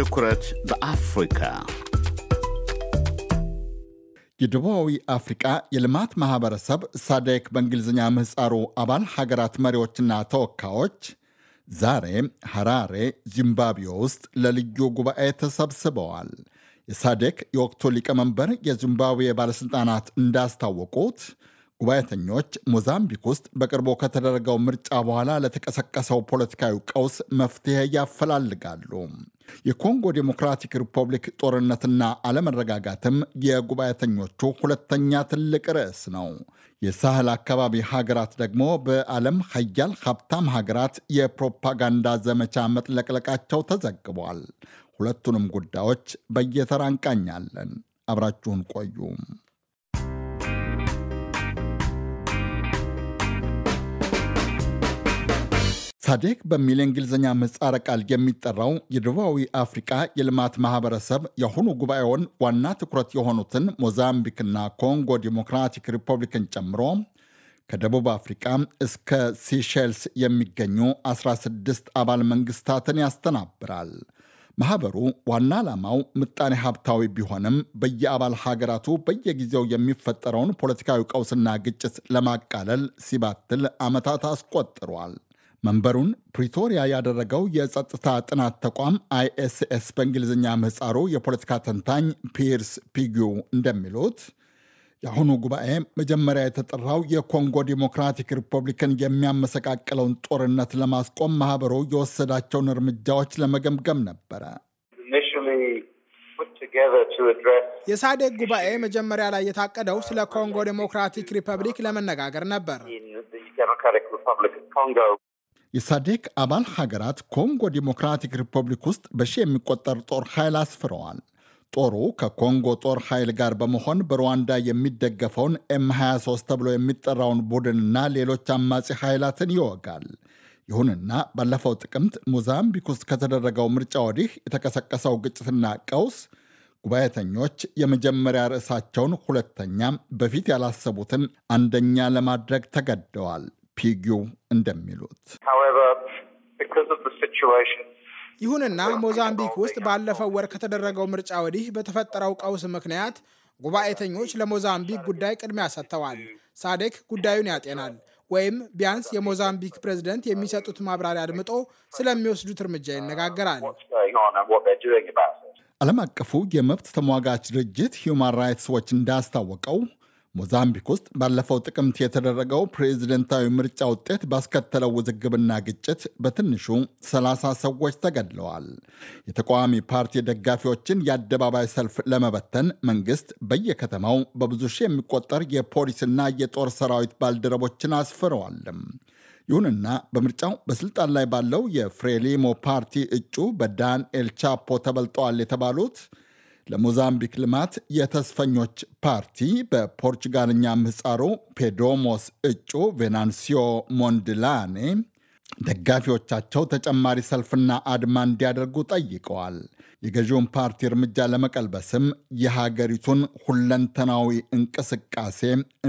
ትኩረት በአፍሪካ የደቡባዊ አፍሪቃ የልማት ማህበረሰብ ሳዴክ በእንግሊዝኛ ምህፃሩ አባል ሀገራት መሪዎችና ተወካዮች ዛሬ ሐራሬ ዚምባብዌ ውስጥ ለልዩ ጉባኤ ተሰብስበዋል። የሳዴክ የወቅቱ ሊቀመንበር የዚምባብዌ ባለሥልጣናት እንዳስታወቁት ጉባኤተኞች ሞዛምቢክ ውስጥ በቅርቡ ከተደረገው ምርጫ በኋላ ለተቀሰቀሰው ፖለቲካዊ ቀውስ መፍትሄ ያፈላልጋሉ። የኮንጎ ዴሞክራቲክ ሪፐብሊክ ጦርነትና አለመረጋጋትም የጉባኤተኞቹ ሁለተኛ ትልቅ ርዕስ ነው። የሳህል አካባቢ ሀገራት ደግሞ በዓለም ሀያል ሀብታም ሀገራት የፕሮፓጋንዳ ዘመቻ መጥለቅለቃቸው ተዘግቧል። ሁለቱንም ጉዳዮች በየተራ እንቃኛለን። አብራችሁን ቆዩ። ሳዴክ በሚል የእንግሊዝኛ ምህጻረ ቃል የሚጠራው የደቡባዊ አፍሪቃ የልማት ማህበረሰብ የአሁኑ ጉባኤውን ዋና ትኩረት የሆኑትን ሞዛምቢክና ኮንጎ ዲሞክራቲክ ሪፐብሊክን ጨምሮ ከደቡብ አፍሪቃ እስከ ሲሼልስ የሚገኙ 16 አባል መንግስታትን ያስተናብራል። ማህበሩ ዋና ዓላማው ምጣኔ ሀብታዊ ቢሆንም በየአባል ሀገራቱ በየጊዜው የሚፈጠረውን ፖለቲካዊ ቀውስና ግጭት ለማቃለል ሲባትል ዓመታት አስቆጥሯል። መንበሩን ፕሪቶሪያ ያደረገው የጸጥታ ጥናት ተቋም አይኤስኤስ በእንግሊዝኛ ምህጻሩ የፖለቲካ ተንታኝ ፒርስ ፒጊ እንደሚሉት የአሁኑ ጉባኤ መጀመሪያ የተጠራው የኮንጎ ዲሞክራቲክ ሪፐብሊክን የሚያመሰቃቅለውን ጦርነት ለማስቆም ማህበሩ የወሰዳቸውን እርምጃዎች ለመገምገም ነበረ። የሳዴግ ጉባኤ መጀመሪያ ላይ የታቀደው ስለ ኮንጎ ዲሞክራቲክ ሪፐብሊክ ለመነጋገር ነበር። የሳዴክ አባል ሀገራት ኮንጎ ዲሞክራቲክ ሪፐብሊክ ውስጥ በሺ የሚቆጠር ጦር ኃይል አስፍረዋል። ጦሩ ከኮንጎ ጦር ኃይል ጋር በመሆን በሩዋንዳ የሚደገፈውን ኤም 23 ተብሎ የሚጠራውን ቡድንና ሌሎች አማጺ ኃይላትን ይወጋል። ይሁንና ባለፈው ጥቅምት ሞዛምቢክ ውስጥ ከተደረገው ምርጫ ወዲህ የተቀሰቀሰው ግጭትና ቀውስ ጉባኤተኞች የመጀመሪያ ርዕሳቸውን ሁለተኛም በፊት ያላሰቡትን አንደኛ ለማድረግ ተገደዋል። ፒጊው እንደሚሉት ይሁንና ሞዛምቢክ ውስጥ ባለፈው ወር ከተደረገው ምርጫ ወዲህ በተፈጠረው ቀውስ ምክንያት ጉባኤተኞች ለሞዛምቢክ ጉዳይ ቅድሚያ ሰጥተዋል። ሳዴክ ጉዳዩን ያጤናል ወይም ቢያንስ የሞዛምቢክ ፕሬዝደንት የሚሰጡት ማብራሪያ አድምጦ ስለሚወስዱት እርምጃ ይነጋገራል። ዓለም አቀፉ የመብት ተሟጋች ድርጅት ሂውማን ራይትስ ዎች እንዳስታወቀው ሞዛምቢክ ውስጥ ባለፈው ጥቅምት የተደረገው ፕሬዝደንታዊ ምርጫ ውጤት ባስከተለው ውዝግብና ግጭት በትንሹ 30 ሰዎች ተገድለዋል። የተቃዋሚ ፓርቲ ደጋፊዎችን የአደባባይ ሰልፍ ለመበተን መንግስት በየከተማው በብዙ ሺህ የሚቆጠር የፖሊስና የጦር ሰራዊት ባልደረቦችን አስፍረዋልም። ይሁንና በምርጫው በስልጣን ላይ ባለው የፍሬሊሞ ፓርቲ እጩ በዳን ኤልቻፖ ተበልጠዋል የተባሉት ለሞዛምቢክ ልማት የተስፈኞች ፓርቲ በፖርቹጋልኛ ምህፃሩ ፔዶሞስ እጩ ቬናንሲዮ ሞንድላኔ ደጋፊዎቻቸው ተጨማሪ ሰልፍና አድማ እንዲያደርጉ ጠይቀዋል። የገዢውን ፓርቲ እርምጃ ለመቀልበስም የሀገሪቱን ሁለንተናዊ እንቅስቃሴ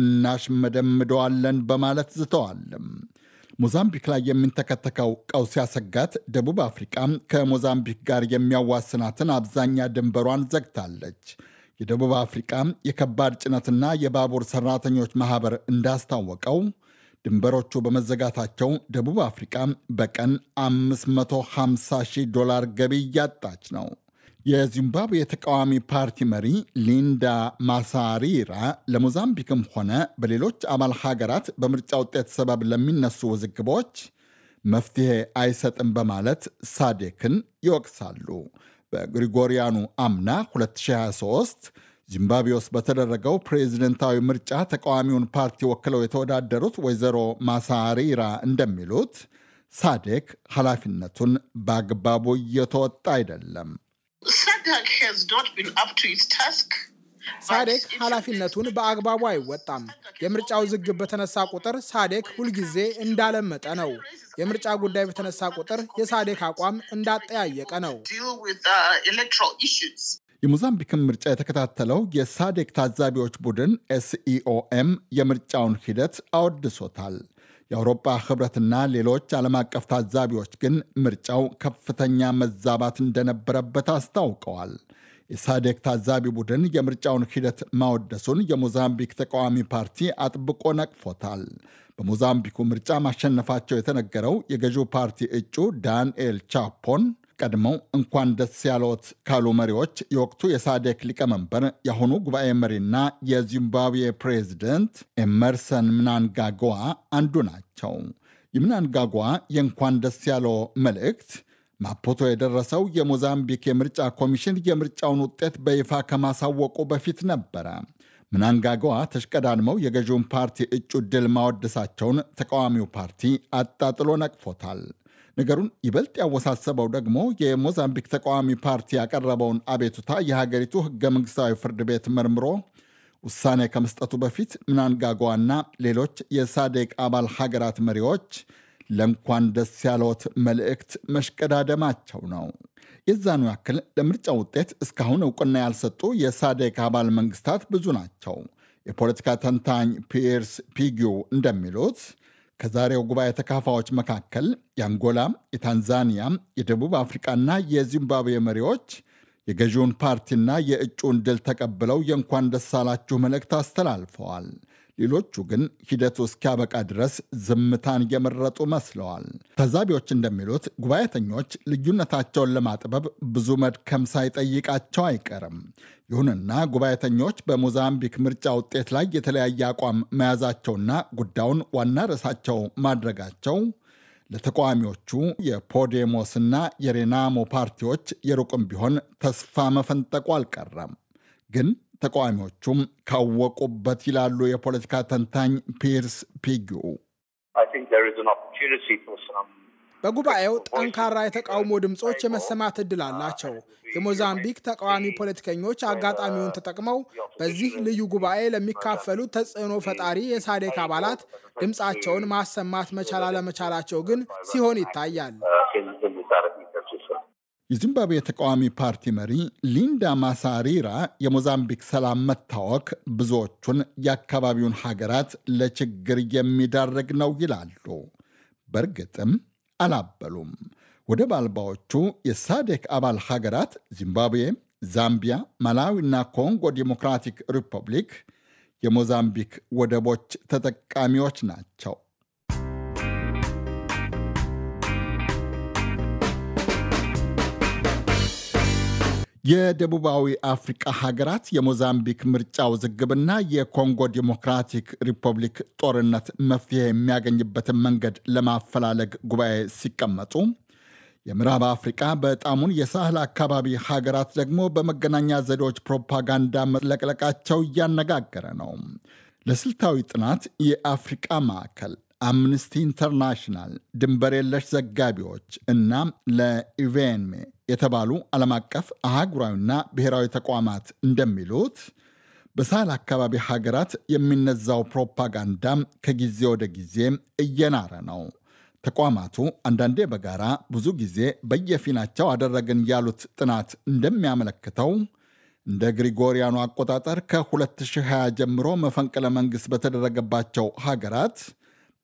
እናሽመደምደዋለን በማለት ዝተዋልም። ሞዛምቢክ ላይ የሚንተከተከው ቀውስ ያሰጋት ደቡብ አፍሪቃ ከሞዛምቢክ ጋር የሚያዋስናትን አብዛኛ ድንበሯን ዘግታለች። የደቡብ አፍሪቃ የከባድ ጭነትና የባቡር ሰራተኞች ማህበር እንዳስታወቀው ድንበሮቹ በመዘጋታቸው ደቡብ አፍሪቃ በቀን 550 ሺህ ዶላር ገቢ እያጣች ነው። የዚምባብዌ ተቃዋሚ ፓርቲ መሪ ሊንዳ ማሳሪራ ለሞዛምቢክም ሆነ በሌሎች አባል ሀገራት በምርጫ ውጤት ሰበብ ለሚነሱ ውዝግቦች መፍትሄ አይሰጥም በማለት ሳዴክን ይወቅሳሉ። በግሪጎሪያኑ አምና 2023 ዚምባብዌ ውስጥ በተደረገው ፕሬዚደንታዊ ምርጫ ተቃዋሚውን ፓርቲ ወክለው የተወዳደሩት ወይዘሮ ማሳሪራ እንደሚሉት ሳዴክ ኃላፊነቱን በአግባቡ እየተወጣ አይደለም። ሳዳቅ ሄዝ ኖት ቢን አፕ ቱ ኢትስ ታስክ ሳዴክ ኃላፊነቱን በአግባቡ አይወጣም። የምርጫው ውዝግብ በተነሳ ቁጥር ሳዴክ ሁልጊዜ እንዳለመጠ ነው። የምርጫ ጉዳይ በተነሳ ቁጥር የሳዴክ አቋም እንዳጠያየቀ ነው። uh, የሞዛምቢክን ምርጫ የተከታተለው የሳዴክ ታዛቢዎች ቡድን ኤስኢኦኤም e የምርጫውን ሂደት አወድሶታል። የአውሮፓ ህብረትና ሌሎች ዓለም አቀፍ ታዛቢዎች ግን ምርጫው ከፍተኛ መዛባት እንደነበረበት አስታውቀዋል። የሳዴክ ታዛቢ ቡድን የምርጫውን ሂደት ማወደሱን የሞዛምቢክ ተቃዋሚ ፓርቲ አጥብቆ ነቅፎታል። በሞዛምቢኩ ምርጫ ማሸነፋቸው የተነገረው የገዢው ፓርቲ እጩ ዳንኤል ቻፖን ቀድመው እንኳን ደስ ያለዎት ካሉ መሪዎች የወቅቱ የሳዴክ ሊቀመንበር የአሁኑ ጉባኤ መሪና የዚምባብዌ ፕሬዚደንት ኤመርሰን ምናንጋጓ አንዱ ናቸው። የምናንጋጓ የእንኳን ደስ ያለው መልእክት ማፖቶ የደረሰው የሞዛምቢክ የምርጫ ኮሚሽን የምርጫውን ውጤት በይፋ ከማሳወቁ በፊት ነበረ። ምናንጋጓ ተሽቀዳድመው የገዢውን ፓርቲ እጩ ድል ማወደሳቸውን ተቃዋሚው ፓርቲ አጣጥሎ ነቅፎታል። ነገሩን ይበልጥ ያወሳሰበው ደግሞ የሞዛምቢክ ተቃዋሚ ፓርቲ ያቀረበውን አቤቱታ የሀገሪቱ ህገ መንግስታዊ ፍርድ ቤት መርምሮ ውሳኔ ከመስጠቱ በፊት ምናንጋጓና ሌሎች የሳዴቅ አባል ሀገራት መሪዎች ለእንኳን ደስ ያለዎት መልእክት መሽቀዳደማቸው ነው። የዛኑ ያክል ለምርጫ ውጤት እስካሁን እውቅና ያልሰጡ የሳዴቅ አባል መንግስታት ብዙ ናቸው። የፖለቲካ ተንታኝ ፒየርስ ፒጊው እንደሚሉት ከዛሬው ጉባኤ ተካፋዮች መካከል የአንጎላ፣ የታንዛኒያ፣ የደቡብ አፍሪቃና የዚምባብዌ መሪዎች የገዢውን ፓርቲና የእጩውን ድል ተቀብለው የእንኳን ደስ አላችሁ መልእክት አስተላልፈዋል። ሌሎቹ ግን ሂደቱ እስኪያበቃ ድረስ ዝምታን የመረጡ መስለዋል። ታዛቢዎች እንደሚሉት ጉባኤተኞች ልዩነታቸውን ለማጥበብ ብዙ መድከም ሳይጠይቃቸው አይቀርም። ይሁንና ጉባኤተኞች በሞዛምቢክ ምርጫ ውጤት ላይ የተለያየ አቋም መያዛቸውና ጉዳዩን ዋና ርዕሳቸው ማድረጋቸው ለተቃዋሚዎቹ የፖዴሞስና የሬናሞ ፓርቲዎች የሩቅም ቢሆን ተስፋ መፈንጠቁ አልቀረም ግን ተቃዋሚዎቹም ካወቁበት ይላሉ የፖለቲካ ተንታኝ ፒርስ ፒጊው። በጉባኤው ጠንካራ የተቃውሞ ድምፆች የመሰማት እድል አላቸው። uh, የሞዛምቢክ ተቃዋሚ ፖለቲከኞች አጋጣሚውን ተጠቅመው በዚህ ልዩ ጉባኤ ለሚካፈሉ uh, ተጽዕኖ ፈጣሪ የሳዴክ አባላት ድምፃቸውን uh, ማሰማት መቻል አለመቻላቸው ግን ሲሆን ይታያል። የዚምባብዌ ተቃዋሚ ፓርቲ መሪ ሊንዳ ማሳሪራ የሞዛምቢክ ሰላም መታወክ ብዙዎቹን የአካባቢውን ሀገራት ለችግር የሚዳረግ ነው ይላሉ። በእርግጥም አላበሉም። ወደብ አልባዎቹ የሳዴክ አባል ሀገራት ዚምባብዌ፣ ዛምቢያ፣ ማላዊና ኮንጎ ዲሞክራቲክ ሪፐብሊክ የሞዛምቢክ ወደቦች ተጠቃሚዎች ናቸው። የደቡባዊ አፍሪቃ ሀገራት የሞዛምቢክ ምርጫ ውዝግብና የኮንጎ ዲሞክራቲክ ሪፐብሊክ ጦርነት መፍትሄ የሚያገኝበትን መንገድ ለማፈላለግ ጉባኤ ሲቀመጡ የምዕራብ አፍሪቃ በጣሙን የሳህል አካባቢ ሀገራት ደግሞ በመገናኛ ዘዴዎች ፕሮፓጋንዳ መጥለቅለቃቸው እያነጋገረ ነው። ለስልታዊ ጥናት የአፍሪቃ ማዕከል አምነስቲ ኢንተርናሽናል ድንበር የለሽ ዘጋቢዎች እና ለኢቬንሜ የተባሉ ዓለም አቀፍ አህጉራዊና ብሔራዊ ተቋማት እንደሚሉት በሳህል አካባቢ ሀገራት የሚነዛው ፕሮፓጋንዳም ከጊዜ ወደ ጊዜ እየናረ ነው። ተቋማቱ አንዳንዴ በጋራ ብዙ ጊዜ በየፊናቸው አደረግን ያሉት ጥናት እንደሚያመለክተው እንደ ግሪጎሪያኑ አቆጣጠር ከ2020 ጀምሮ መፈንቅለ መንግሥት በተደረገባቸው ሀገራት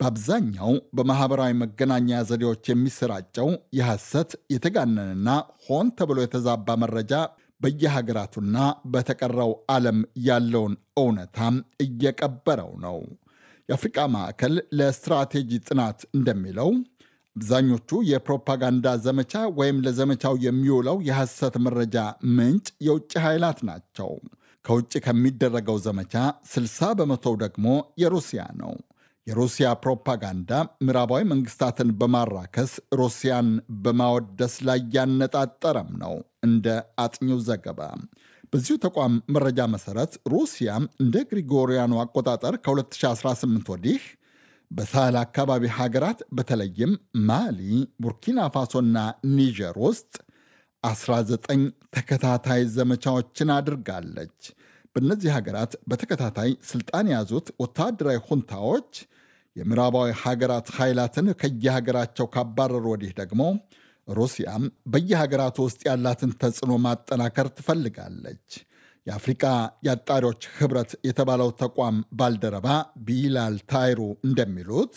በአብዛኛው በማህበራዊ መገናኛ ዘዴዎች የሚሰራጨው የሐሰት የተጋነንና ሆን ተብሎ የተዛባ መረጃ በየሀገራቱና በተቀረው ዓለም ያለውን እውነታም እየቀበረው ነው። የአፍሪቃ ማዕከል ለስትራቴጂ ጥናት እንደሚለው አብዛኞቹ የፕሮፓጋንዳ ዘመቻ ወይም ለዘመቻው የሚውለው የሐሰት መረጃ ምንጭ የውጭ ኃይላት ናቸው። ከውጭ ከሚደረገው ዘመቻ 60 በመቶው ደግሞ የሩሲያ ነው። የሩሲያ ፕሮፓጋንዳ ምዕራባዊ መንግስታትን በማራከስ ሩሲያን በማወደስ ላይ ያነጣጠረም ነው። እንደ አጥኚው ዘገባ በዚሁ ተቋም መረጃ መሰረት ሩሲያ እንደ ግሪጎሪያኑ አቆጣጠር ከ2018 ወዲህ በሳህል አካባቢ ሀገራት በተለይም ማሊ፣ ቡርኪና ፋሶና ኒጀር ውስጥ 19 ተከታታይ ዘመቻዎችን አድርጋለች። በእነዚህ ሀገራት በተከታታይ ስልጣን የያዙት ወታደራዊ ሁንታዎች የምዕራባዊ ሀገራት ኃይላትን ከየሀገራቸው ካባረሩ ወዲህ ደግሞ ሩሲያም በየሀገራቱ ውስጥ ያላትን ተጽዕኖ ማጠናከር ትፈልጋለች። የአፍሪቃ የአጣሪዎች ህብረት የተባለው ተቋም ባልደረባ ቢላል ታይሩ እንደሚሉት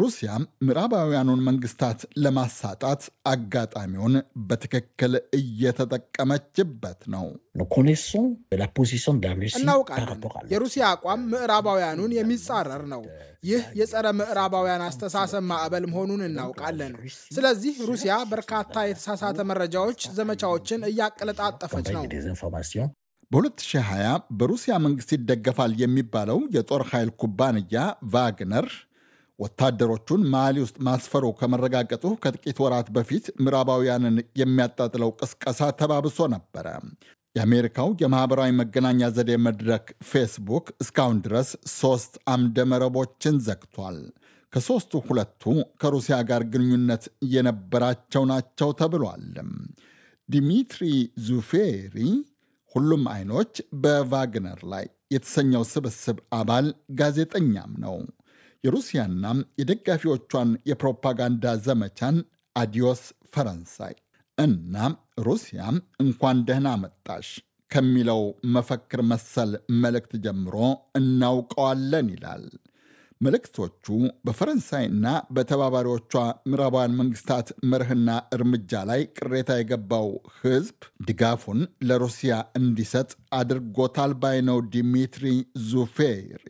ሩሲያ ምዕራባውያኑን መንግስታት ለማሳጣት አጋጣሚውን በትክክል እየተጠቀመችበት ነው። እናውቃለን የሩሲያ አቋም ምዕራባውያኑን የሚጻረር ነው። ይህ የጸረ ምዕራባውያን አስተሳሰብ ማዕበል መሆኑን እናውቃለን። ስለዚህ ሩሲያ በርካታ የተሳሳተ መረጃዎች፣ ዘመቻዎችን እያቀለጣጠፈች ነው። በ2020 በሩሲያ መንግስት ይደገፋል የሚባለው የጦር ኃይል ኩባንያ ቫግነር ወታደሮቹን ማሊ ውስጥ ማስፈሩ ከመረጋገጡ ከጥቂት ወራት በፊት ምዕራባውያንን የሚያጣጥለው ቅስቀሳ ተባብሶ ነበረ። የአሜሪካው የማኅበራዊ መገናኛ ዘዴ መድረክ ፌስቡክ እስካሁን ድረስ ሦስት አምደ መረቦችን ዘግቷል። ከሦስቱ ሁለቱ ከሩሲያ ጋር ግንኙነት የነበራቸው ናቸው ተብሏል። ዲሚትሪ ዙፌሪ ሁሉም አይኖች በቫግነር ላይ የተሰኘው ስብስብ አባል ጋዜጠኛም ነው። የሩሲያና የደጋፊዎቿን የፕሮፓጋንዳ ዘመቻን አዲዮስ ፈረንሳይ እና ሩሲያ እንኳን ደህና መጣሽ ከሚለው መፈክር መሰል መልእክት ጀምሮ እናውቀዋለን ይላል። መልእክቶቹ በፈረንሳይና በተባባሪዎቿ ምዕራባውያን መንግስታት መርህና እርምጃ ላይ ቅሬታ የገባው ህዝብ ድጋፉን ለሩሲያ እንዲሰጥ አድርጎታል ባይ ነው ዲሚትሪ ዙፌሪ።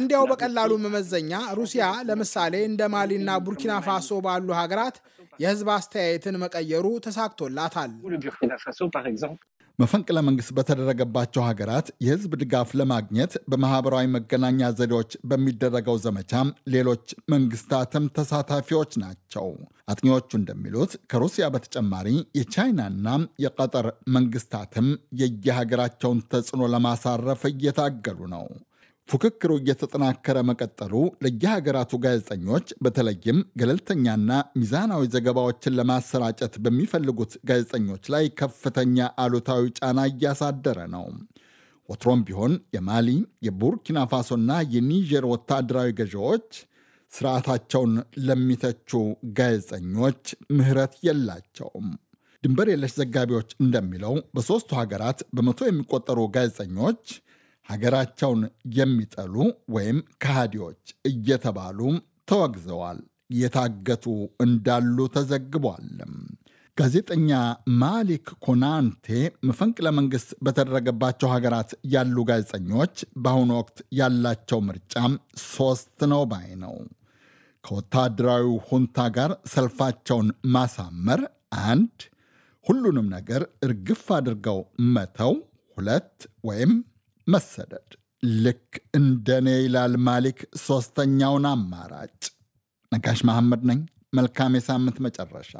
እንዲያው በቀላሉ መመዘኛ ሩሲያ ለምሳሌ እንደ ማሊና ቡርኪና ፋሶ ባሉ ሀገራት የህዝብ አስተያየትን መቀየሩ ተሳክቶላታል። መፈንቅለ መንግስት በተደረገባቸው ሀገራት የህዝብ ድጋፍ ለማግኘት በማህበራዊ መገናኛ ዘዴዎች በሚደረገው ዘመቻ ሌሎች መንግስታትም ተሳታፊዎች ናቸው። አጥኚዎቹ እንደሚሉት ከሩሲያ በተጨማሪ የቻይናና የቀጠር መንግስታትም የየሀገራቸውን ተጽዕኖ ለማሳረፍ እየታገሉ ነው። ፉክክሩ እየተጠናከረ መቀጠሉ ለየሀገራቱ ጋዜጠኞች በተለይም ገለልተኛና ሚዛናዊ ዘገባዎችን ለማሰራጨት በሚፈልጉት ጋዜጠኞች ላይ ከፍተኛ አሉታዊ ጫና እያሳደረ ነው። ወትሮም ቢሆን የማሊ የቡርኪና ፋሶና የኒጀር ወታደራዊ ገዢዎች ስርዓታቸውን ለሚተቹ ጋዜጠኞች ምህረት የላቸውም። ድንበር የለሽ ዘጋቢዎች እንደሚለው በሦስቱ ሀገራት በመቶ የሚቆጠሩ ጋዜጠኞች ሀገራቸውን የሚጠሉ ወይም ከሃዲዎች እየተባሉ ተወግዘዋል። የታገቱ እንዳሉ ተዘግቧል። ጋዜጠኛ ማሊክ ኮናንቴ መፈንቅለ መንግስት በተደረገባቸው ሀገራት ያሉ ጋዜጠኞች በአሁኑ ወቅት ያላቸው ምርጫ ሶስት ነው ባይ ነው። ከወታደራዊ ሁንታ ጋር ሰልፋቸውን ማሳመር አንድ፣ ሁሉንም ነገር እርግፍ አድርገው መተው ሁለት ወይም መሰደድ ልክ እንደኔ ይላል ማሊክ ሶስተኛውን አማራጭ። ነጋሽ መሐመድ ነኝ። መልካም የሳምንት መጨረሻ